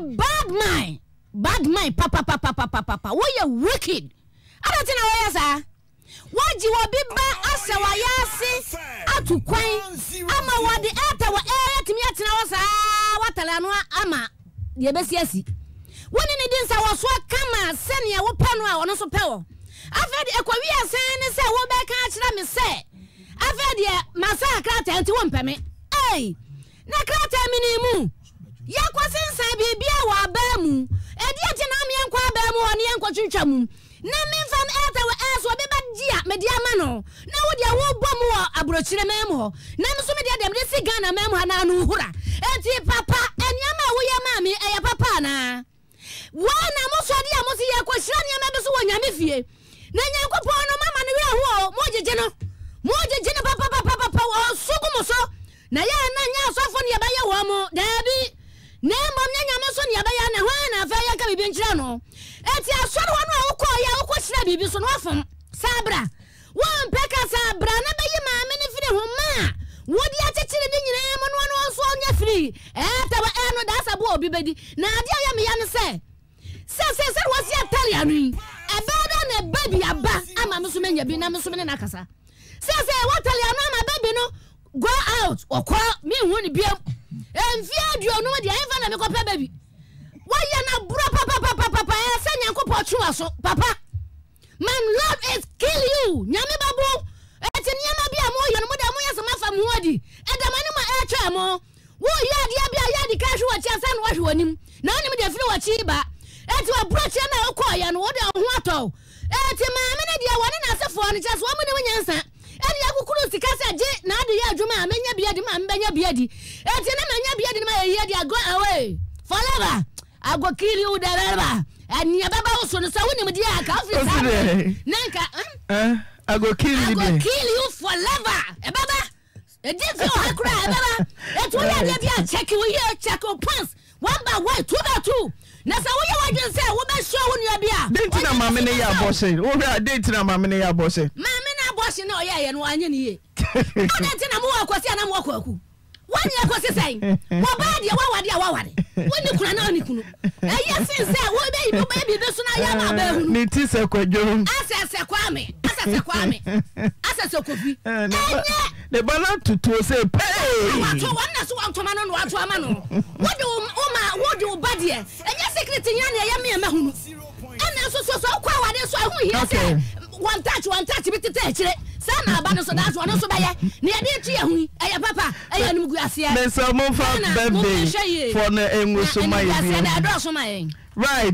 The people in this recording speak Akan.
woyɛ bad man bad man papapapapapa woyɛ wicked adate na wɔyɛ saa wagye wɔbi ba asɛ wayɛ ase ato kwan ama wɔde ɛɛtɛ wɔ ɛɛyɛ tumi atena hɔ saa watale ano ama deɛ bɛsi asi wone ne di nsa wɔ so kama sɛnea wopɛ no a ɔno nso pɛ wɔ afei de ɛkɔwi asɛn ne sɛ wobɛka akyerɛ me sɛ afei deɛ masa krataa nti wompɛ me ei na krataa me ne mu atwa mu na memfa ɛta wɔ ɛso ɔbɛ ba di a mɛdi ama no na wo deɛ wobɔ mu wɔ aburokyire mɛn mu hɔ na nso mi deɛ deɛ mɛde si ghana mɛn mu ha na ano hura eti papa nneɛma a woyɛ maame ɛyɛ papa anaa wɔn na mo sɔ de a mo si yɛ kɔ hyira nneɛma bi so wɔ nyame fie na nyankopɔn no mama no werɛ ho o mo gyegye no mo gyegye no papapapapa ɔsogo mo so na yɛ na nyɛ asɔfo ne yɛbɛyɛ wɔn mo daabi na mmom nyɛ nyame so ne yɛbɛyɛ na hwan na afɛ yɛka biribi nkyerɛ no eti asɔre hɔ no eh, eh, a wokɔ yɛ wokɔ kyerɛ biribi so na wafam saa bra wɔmpɛ ka saa bra na bɛyi maame no firi homa a wodi akyekyere ne nyinaa mu no ɔno nso ɔnyɛ firi ɛɛtaba ɛno daasa bo obi bɛdi na adeɛ a ɔyɛ meya no sɛ sɛ sɛ sɛ wɔsi atalia no yi ɛbɛɛ da na ɛba bi aba ama me so menya bi na me so me ne na kasa sɛ sɛ wɔtalia no ama bɛbi no go out ɔkɔ mehu ne biam mfie aduonu deɛ ɛmfa na mekɔpɛ bɛbi wɔyɛ no borɔ twa so papa mam lord is kill you nyame babo ɛti nneɛma bi a mo yɛ no mo de mo yɛ sɛ mafa mo adi ɛdama ne ma ɛretwa mo woyɛ adeɛ bi a yɛ adi ka hwe wɔ akyi asa na wɔhwe w'anim na wonim deɛ firi wɔ akyi ba ɛti wɔaborɔkyeɛ no a wokɔɔyɛ no wode ɔho atɔw ɛti maame no deɛ wɔne n'asefoɔ no kyɛ so wɔmo ne wo nyansa ɛde akukuru sika sɛ gye na ade yɛ adwuma a menya bia di ma mbɛnya bia di ɛti na manya bia di no ma yɛyɛ di agɔ away forever agɔ kill you the river nia hm? a nii o oɛ ntu beebi bi so na yɛ na abɛɛ hunu. ne eh, ti sɛ kwadwo. asɛsɛ kwame asɛsɛ kwame asɛsɛ kofi. ɛnyɛ. ne ba na tutuo sɛ pɛɛ. Eh, wato wɔn na so wɔn ntoma no na wato ama no wodi o ma wodi o ba deɛ ɛnyɛ sikiriti nya na ɛyɛ miɛ ma hunu ɛna soso so ɔkɔ awade so ɛho yɛ sɛ wɔn taakye wɔn taakye bi tete akyire saa na aba no so daa so ɔno so bɛyɛ na yɛde etu yɛ hu ɛyɛ papa ɛyɛ anum gu aseɛ. mɛ sɛ mo fa bɛɛ bɛ fɔ ne ŋun so ma yɛ bi. na ŋun gu aseɛ na ɛdɔɔso ma yɛ. right.